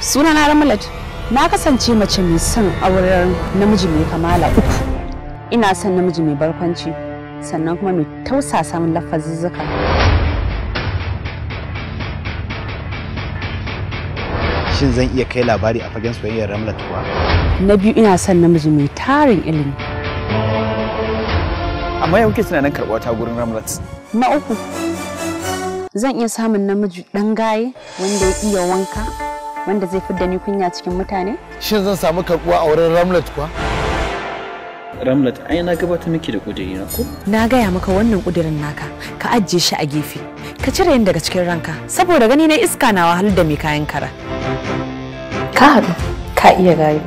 suna na ramalat na kasance mace mai son auren namiji mai kamala uku ina son namiji mai barkwanci sannan kuma mai tausa samun lafazuzzuka shin zan iya kai labari a fagen soyayyar ramalat kuwa na biyu ina son namiji mai tarin ilimi amma yau kuke tunanin karɓuwa ta gurin ramalat na uku zan iya samun namiji ɗan gaye wanda ya iya wanka wanda zai fidda ni kunya cikin mutane? Shin zan samu karbuwa a wurin Ramlet kuwa? Ramlet, ai na gabata miki da kudiri na ko? Na gaya maka wannan kudirin naka, ka ajiye shi a gefe. Ka cire yin daga cikin ranka, saboda gani na iska na wahal da mai kayan kara. Ka haɗu, ka iya gayu.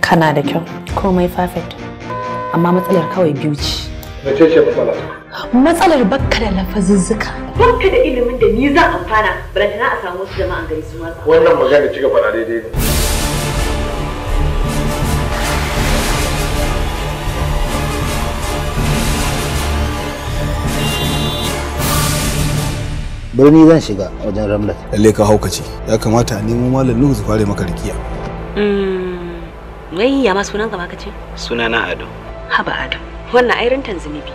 Kana da kyau, komai perfect. Amma matsalar kawai biyu ce. Mace ce matsala? matsalar bakka da lafazuzzuka. Bakka da ilimin da ni zan amfana barantana a samu wasu jama'an gari su matsa. Wannan magana ci gaba faɗa daidai ne. birni zan shiga wajen ramlat lalle ka ce ya kamata a nemo malam nuhu su fara maka rikiya hmm, wai ya ma sunanka ma kace sunana ado haba ado wannan ai rintan zunubi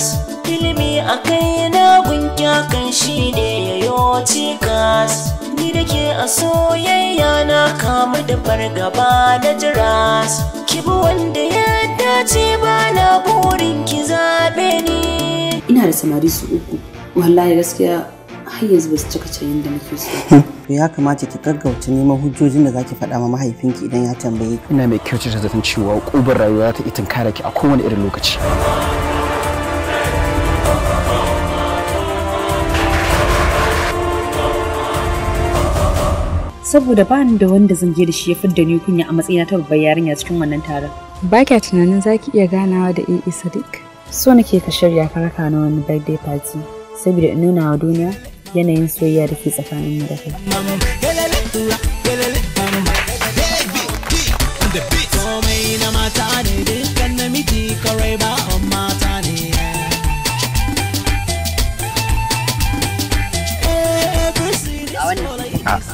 cikas ilimi a kai na gunka kan shi ne yi cikas ni da ke a soyayya na kamu da fargaba da jiras ki bi wanda ya dace ba na burin ki zaɓe ni ina da samari su uku wallahi gaskiya har yanzu ba su cika cayin da muke so hmm. to ya kamata ki gaggauta neman hujjojin da zaki faɗa ma mahaifinki idan ya tambaye ina mai kyautata zaton cewa ƙubar rayuwa ta itin kare ki a kowane irin lokaci saboda ba ni da wanda zan je da shi ya fidda ni kunya a matsayina ta babbar yarinya cikin wannan taron. Ba kya tunanin za ki iya ganawa da AA Sadiq? So nake ka shirya ka raka na wani birthday party saboda in nuna wa duniya yanayin soyayya da ke tsakanin mu da kai.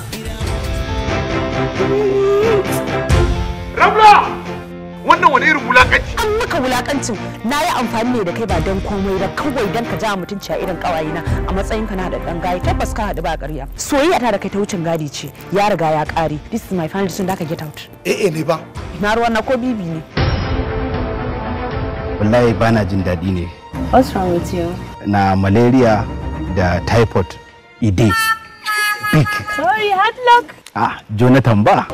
A Rabla! Wannan wani irin wulakanci? An maka wulakancin na yi amfani ne da kai ba don komai ba kawai don ka ja mutunci a irin kawayena a matsayinka na da ɗan gaye tabbas ka haɗu ba ƙarya. Soyayya ta da kai ta wucin gadi ce ya riga ya ƙare. This is my final decision da ka get out. Eh eh ne ba. Na ruwan na ko bibi ne. Wallahi ba na jin daɗi ne. What's wrong with you? Na malaria da typhoid. Ide. Big. Sorry, hard luck. Ah, Jonathan ba.